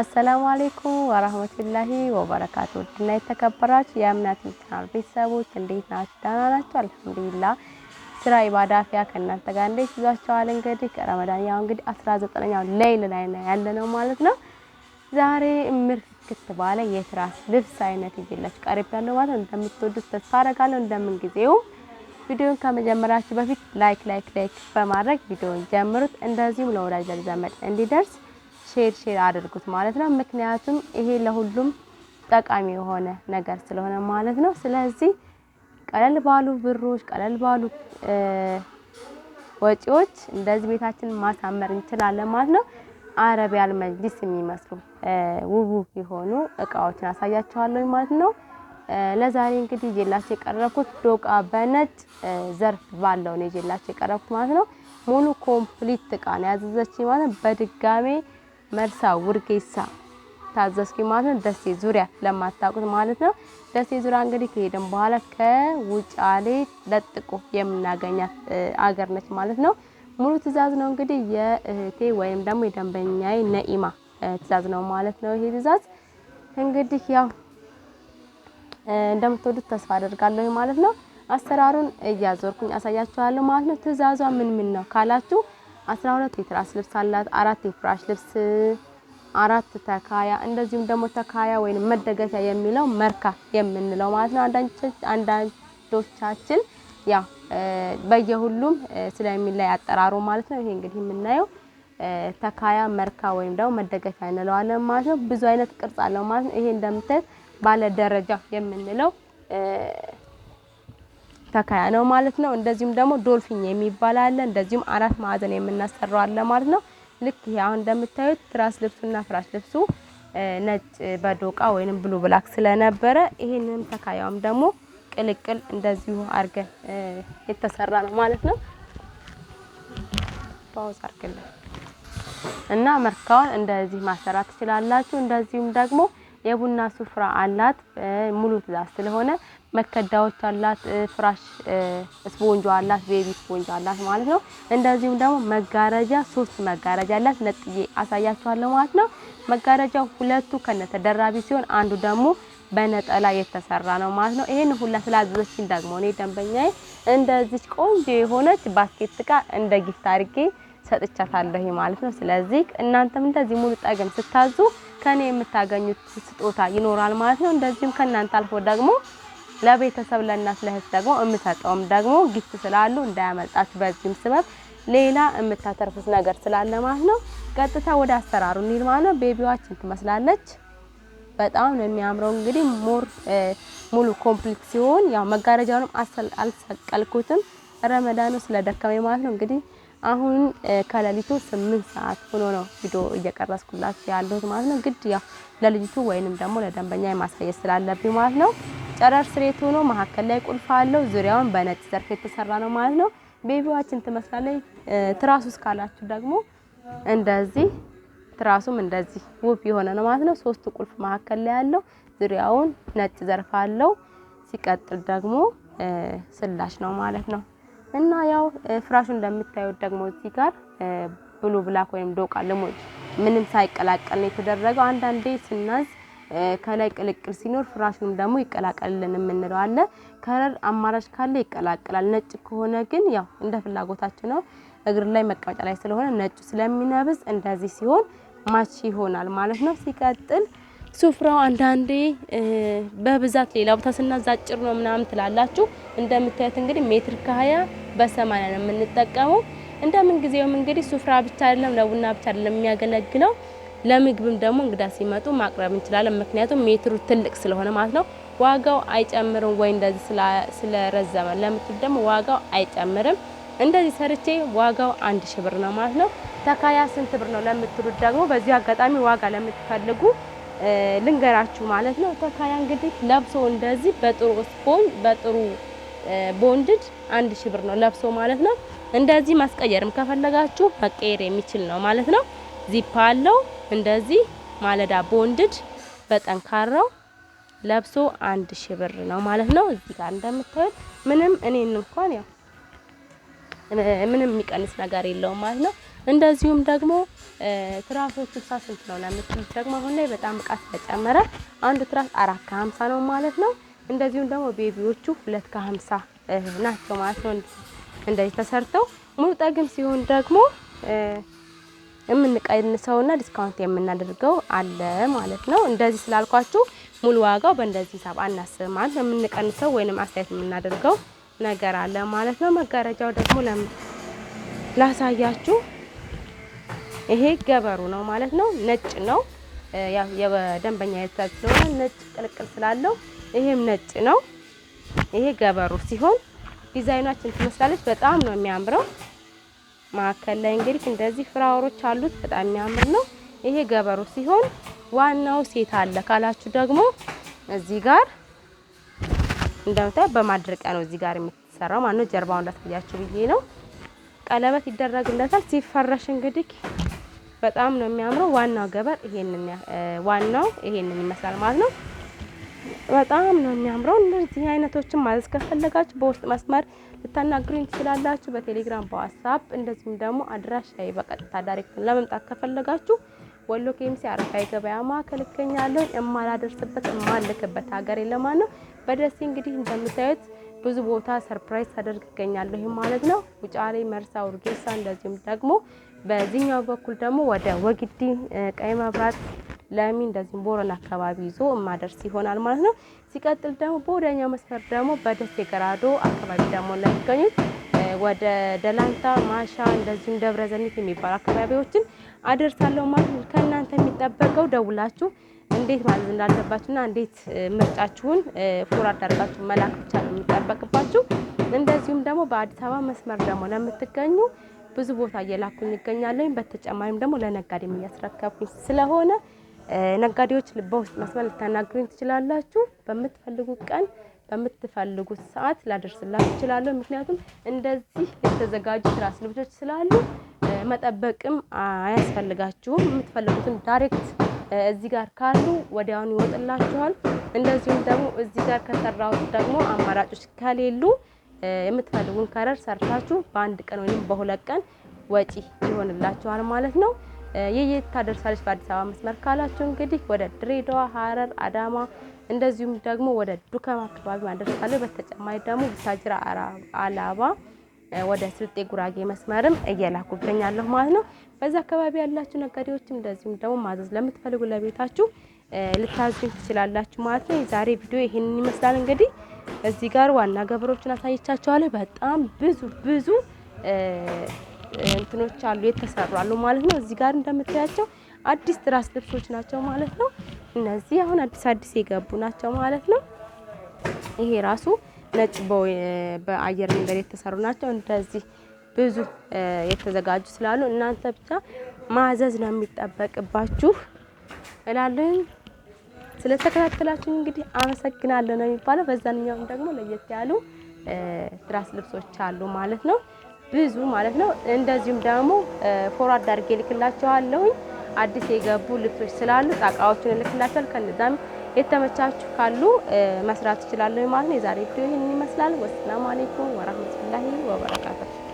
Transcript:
አሰላሙ አሌይኩም ወራህመቱላሂ ወበረካቱ። ውድና የተከበራችሁ የእምነት ቻናል ቤተሰቦች እንዴት ናችሁ? ደህና ናችሁ? አልሐምዱሊላህ። ስራ ኢባዳ ፊያ ከእናንተ ጋር እንዴት ይዟችኋል? እንግዲህ ረመዳን ያው እንግዲህ አስራ ዘጠነኛው ሌይል ላይ ያለ ነው ማለት ነው። ዛሬ ምርክት ባለ የትራስ ልብስ አይነት ይዤላችሁ ቀርቤያለሁ ማለት ነው። እንደምትወዱት ተስፋ አደርጋለሁ። እንደምን ጊዜው ቪዲዮን ከመጀመራችሁ በፊት ላይክ ላይክ ላይክ በማድረግ ቪዲዮን ጀምሩት። እንደዚሁም ለወዳጅ ዘመድ እንዲደርስ ሼር ሼር አድርጉት ማለት ነው። ምክንያቱም ይሄ ለሁሉም ጠቃሚ የሆነ ነገር ስለሆነ ማለት ነው። ስለዚህ ቀለል ባሉ ብሮች፣ ቀለል ባሉ ወጪዎች እንደዚህ ቤታችን ማሳመር እንችላለን ማለት ነው። አረቢያል መጅሊስ የሚመስሉ ውቡ የሆኑ እቃዎችን አሳያችኋለሁ ማለት ነው። ለዛሬ እንግዲህ ይዤላችሁ የቀረብኩት ዶቃ በነጭ ዘርፍ ባለው ነው ይዤላችሁ የቀረብኩት ማለት ነው። ሙሉ ኮምፕሊት እቃ ነው ያዘዘችኝ ማለት ነው። በድጋሜ መርሳ፣ ውርጌሳ ታዘዝኩ ማለት ነው። ደሴ ዙሪያ ለማታውቁት ማለት ነው። ደሴ ዙሪያ እንግዲህ ከሄደን በኋላ ከውጫሌ ለጥቆ የምናገኛት አገር ነች ማለት ነው። ሙሉ ትዛዝ ነው እንግዲህ የእህቴ ወይም ደግሞ የደንበኛዬ ነኢማ ትዛዝ ነው ማለት ነው። ይሄ ትዛዝ እንግዲህ ያው እንደምትወዱት ተስፋ አደርጋለሁ ማለት ነው። አሰራሩን እያዞርኩኝ አሳያችኋለሁ ማለት ነው። ትዕዛዟ ምን ምን ነው ካላችሁ 12 የትራስ ልብስ አላት። አራት የፍራሽ ልብስ፣ አራት ተካያ፣ እንደዚሁም ደግሞ ተካያ ወይም መደገፊያ የሚለው መርካ የምንለው ማለት ነው። አንዳንዶቻችን ያው በየሁሉም ስለሚለይ አጠራሩ ማለት ነው። ይሄ እንግዲህ የምናየው ተካያ፣ መርካ ወይም ደግሞ መደገፊያ እንለዋለን ማለት ነው። ብዙ አይነት ቅርጽ አለው ማለት ነው። ይሄ እንደምታዩት ባለ ደረጃ የምንለው መተካያ ነው ማለት ነው። እንደዚሁም ደግሞ ዶልፊን የሚባል አለ። እንደዚሁም አራት ማዕዘን የምናሰራው አለ ማለት ነው። ልክ ይሄ አሁን እንደምታዩት ትራስ ልብሱና ፍራሽ ልብሱ ነጭ በዶቃ ወይንም ብሉ ብላክ ስለነበረ ይሄንንም ተካያውም ደግሞ ቅልቅል እንደዚሁ አድርገን የተሰራ ነው ማለት ነው። ፓውዝ አድርገን እና መርካውን እንደዚህ ማሰራት ትችላላችሁ። እንደዚሁም ደግሞ የቡና ሱፍራ አላት ሙሉ ትእዛዝ ስለሆነ መከዳዎች አላት፣ ፍራሽ ስፖንጆ አላት፣ ቤቢ ስፖንጅ አላት ማለት ነው። እንደዚሁም ደግሞ መጋረጃ ሶስት መጋረጃ አላት። ነጥዬ አሳያችኋለሁ ማለት ነው። መጋረጃው ሁለቱ ከነተደራቢ ሲሆን አንዱ ደግሞ በነጠላ የተሰራ ነው ማለት ነው። ይሄን ሁላ ስላዘዘችኝ ደግሞ እኔ ደንበኛዬ እንደዚች ቆንጆ የሆነች ባስኬት እቃ እንደ ጊፍት አድርጌ ሰጥቻታለሁ ማለት ነው። ስለዚህ እናንተም እንደዚህ ሙሉ ጠገም ስታዙ ከኔ የምታገኙት ስጦታ ይኖራል ማለት ነው። እንደዚሁም ከእናንተ አልፎ ደግሞ ለቤተሰብ ለእናት ለእህት ደግሞ የምሰጠውም ደግሞ ጊፍት ስላሉ እንዳያመልጣችሁ። በዚህም ስበብ ሌላ የምታተርፉት ነገር ስላለ ማለት ነው። ቀጥታ ወደ አሰራሩ እንሂድ ማለት ነው። ቤቢዋችን ትመስላለች። በጣም ነው የሚያምረው። እንግዲህ ሞር ሙሉ ኮምፕሊት ሲሆን ያው መጋረጃውንም አልሰቀልኩትም ረመዳኑ ስለደከመኝ ማለት ነው። እንግዲህ አሁን ከሌሊቱ ስምንት ሰዓት ሆኖ ነው ቪዲዮ እየቀረስኩላችሁ ያለሁት ማለት ነው። ግድ ያው ለልጅቱ ወይንም ደግሞ ለደንበኛ የማሳየት ስላለብኝ ማለት ነው። ጨረር ስሬት ሆኖ መሀከል ላይ ቁልፍ አለው። ዙሪያውን በነጭ ዘርፍ የተሰራ ነው ማለት ነው። ቤቢዋችን ትመስላለች። ትራሱ እስካላችሁ ደግሞ እንደዚህ ትራሱም እንደዚህ ውብ የሆነ ነው ማለት ነው። ሶስት ቁልፍ መካከል ላይ ያለው ዙሪያውን ነጭ ዘርፍ አለው። ሲቀጥል ደግሞ ስላሽ ነው ማለት ነው እና ያው ፍራሹ እንደምታዩት ደግሞ እዚህ ጋር ብሉ ብላክ ወይም ዶቃ ልሞጅ ምንም ሳይቀላቀል ነው የተደረገው። አንዳንዴ ስናዝ ከላይ ቅልቅል ሲኖር ፍራሹን ደግሞ ይቀላቀልልን የምንለው አለ። ከረር አማራጭ ካለ ይቀላቀላል። ነጭ ከሆነ ግን ያው እንደ ፍላጎታችን ነው። እግር ላይ መቀመጫ ላይ ስለሆነ ነጩ ስለሚነብስ እንደዚህ ሲሆን ማች ይሆናል ማለት ነው። ሲቀጥል ሱፍራው አንዳንዴ በብዛት ሌላ ቦታ ስናዝ አጭር ነው ምናምን ትላላችሁ። እንደምታዩት እንግዲህ ሜትር ከሀያ በሰማንያ ነው የምንጠቀመው። እንደምን ጊዜውም እንግዲህ ሱፍራ ብቻ አይደለም ለቡና ብቻ አይደለም የሚያገለግለው ለምግብም ደግሞ እንግዳ ሲመጡ ማቅረብ እንችላለን። ምክንያቱም ሜትሩ ትልቅ ስለሆነ ማለት ነው። ዋጋው አይጨምርም ወይ እንደዚህ ስለረዘመ ለምትል ደግሞ ዋጋው አይጨምርም። እንደዚህ ሰርቼ ዋጋው አንድ ሺ ብር ነው ማለት ነው። ተካያ ስንት ብር ነው ለምትሉት ደግሞ በዚሁ አጋጣሚ ዋጋ ለምትፈልጉ ልንገራችሁ ማለት ነው። ተካያ እንግዲህ ለብሶ እንደዚህ በጥሩ ስፖን በጥሩ ቦንድድ አንድ ሺ ብር ነው ለብሶ ማለት ነው። እንደዚህ ማስቀየርም ከፈለጋችሁ መቀየር የሚችል ነው ማለት ነው። ዚፕ አለው። እንደዚህ ማለዳ ቦንድድ በጠንካራው ለብሶ አንድ ሺ ብር ነው ማለት ነው። እዚህ ጋር እንደምታዩት ምንም እኔን እንኳን ያው ምንም የሚቀንስ ነገር የለውም ማለት ነው። እንደዚሁም ደግሞ ትራሶች ስልሳ ስንት ነው ለምትሉት ደግሞ አሁን ላይ በጣም ቃት ተጨመረ። አንዱ ትራስ አራት ከሀምሳ ነው ማለት ነው። እንደዚሁም ደግሞ ቤቢዎቹ ሁለት ከሀምሳ ናቸው ማለት ነው። እንደዚህ ተሰርተው ሙሉ ጠግም ሲሆን ደግሞ የምንቀንሰውና ዲስካውንት የምናደርገው አለ ማለት ነው። እንደዚህ ስላልኳችሁ ሙሉ ዋጋው በእንደዚህ ሂሳብ አናስብ ማለት የምንቀንሰው ወይንም አስተያየት የምናደርገው ነገር አለ ማለት ነው። መጋረጃው ደግሞ ላሳያችሁ። ይሄ ገበሩ ነው ማለት ነው። ነጭ ነው። የደንበኛ የተሳጅ ስለሆነ ነጭ ቅልቅል ስላለው ይሄም ነጭ ነው። ይሄ ገበሩ ሲሆን ዲዛይናችን ትመስላለች። በጣም ነው የሚያምረው። መካከል ላይ እንግዲህ እንደዚህ ፍራወሮች አሉት። በጣም የሚያምር ነው። ይሄ ገበሩ ሲሆን ዋናው ሴት አለ ካላችሁ ደግሞ እዚህ ጋር እንደምታዩ በማድረቂያ ነው እዚህ ጋር የምትሰራው ማለት ነው። ጀርባውን ላሳያችሁ ብዬ ነው። ቀለበት ይደረግለታል። ሲፈረሽ እንግዲህ በጣም ነው የሚያምረው። ዋናው ገበር ይሄንን ዋናው ይሄንን ይመስላል ማለት ነው። በጣም ነው የሚያምረው። እንደዚህ አይነቶችን ማዘዝ ከፈለጋችሁ በውስጥ መስመር ልታናግሩኝ ትችላላችሁ፣ በቴሌግራም በዋትሳፕ። እንደዚሁም ደግሞ አድራሻዬ በቀጥታ ዳይሬክት ለመምጣት ከፈለጋችሁ ወሎ ኬሚሴ አረፋዊ ገበያ ማዕከል እገኛለሁ። የማላደርስበት የማልክበት ሀገር የለማን ነው። በደሴ እንግዲህ እንደምታዩት ብዙ ቦታ ሰርፕራይዝ ታደርግ እገኛለሁ። ማለት ነው ውጫሌ፣ መርሳ፣ ውርጌሳ እንደዚሁም ደግሞ በዚህኛው በኩል ደግሞ ወደ ወግዲ ቀይ መብራት ለሚ እንደዚህ ቦረን አካባቢ ይዞ ማደርስ ይሆናል ማለት ነው። ሲቀጥል ደግሞ በወዲያኛው መስመር ደግሞ በደሴ ገራዶ አካባቢ ደግሞ ለሚገኙት ወደ ደላንታ ማሻ እንደዚሁም ደብረ ዘኒት የሚባሉ አካባቢዎችን አደርሳለሁ ማለት ነው። ከእናንተ የሚጠበቀው ደውላችሁ እንዴት ማለት እንዳለባችሁና እንዴት ምርጫችሁን ፎር አዳርጋችሁ መላክ ብቻ ነው የሚጠበቅባችሁ። እንደዚሁም ደግሞ በአዲስ አበባ መስመር ደግሞ ለምትገኙ ብዙ ቦታ እየላኩኝ ይገኛለኝ። በተጨማሪም ደግሞ ለነጋዴም እያስረከብኩኝ ስለሆነ ነጋዴዎች በውስጥ መስመር ልታናግሩኝ ትችላላችሁ። በምትፈልጉት ቀን በምትፈልጉት ሰዓት ላደርስላችሁ እችላለሁ። ምክንያቱም እንደዚህ የተዘጋጁ ትራስ ልብሶች ስላሉ መጠበቅም አያስፈልጋችሁም። የምትፈልጉትን ዳይሬክት እዚህ ጋር ካሉ ወዲያውኑ ይወጥላችኋል። እንደዚሁም ደግሞ እዚህ ጋር ከሰራሁት ደግሞ አማራጮች ከሌሉ የምትፈልጉን ከረር ሰርታችሁ በአንድ ቀን ወይም በሁለት ቀን ወጪ ይሆንላችኋል ማለት ነው። የየት ታደርሳለች በአዲስ አበባ መስመር ካላችሁ እንግዲህ ወደ ድሬዳዋ፣ ሀረር፣ አዳማ እንደዚሁም ደግሞ ወደ ዱከም አካባቢ ማደርሳለች። በተጨማሪ ደግሞ ቡታጅራ፣ አላባ ወደ ስልጤ ጉራጌ መስመርም እየላኩ ይገኛለሁ ማለት ነው። በዚህ አካባቢ ያላችሁ ነጋዴዎችም እንደዚሁም ደግሞ ማዘዝ ለምትፈልጉ ለቤታችሁ ልታዙኝ ትችላላችሁ ማለት ነው። የዛሬ ቪዲዮ ይህንን ይመስላል። እንግዲህ እዚህ ጋር ዋና ገበሮችን አሳይቻቸዋለሁ። በጣም ብዙ ብዙ እንትኖች አሉ የተሰሩ አሉ ማለት ነው። እዚህ ጋር እንደምታያቸው አዲስ ትራስ ልብሶች ናቸው ማለት ነው። እነዚህ አሁን አዲስ አዲስ የገቡ ናቸው ማለት ነው። ይሄ ራሱ ነጭ በአየር መንገድ የተሰሩ ናቸው። እንደዚህ ብዙ የተዘጋጁ ስላሉ እናንተ ብቻ ማዘዝ ነው የሚጠበቅባችሁ እላለሁ። ስለተከታተላችሁ እንግዲህ አመሰግናለሁ ነው የሚባለው። በዛንኛውም ደግሞ ለየት ያሉ ትራስ ልብሶች አሉ ማለት ነው። ብዙ ማለት ነው። እንደዚሁም ደግሞ ፎርዋርድ አድርጌ እልክላቸዋለሁኝ። አዲስ የገቡ ልብሶች ስላሉ ጣቃዎቹን እልክላቸዋል። ከነዛም የተመቻችሁ ካሉ መስራት ትችላለሁ ማለት ነው። የዛሬ ቪዲዮ ይህን ይመስላል። ወሰላሙ አሌይኩም ወራህመቱላሂ ወበረካቱ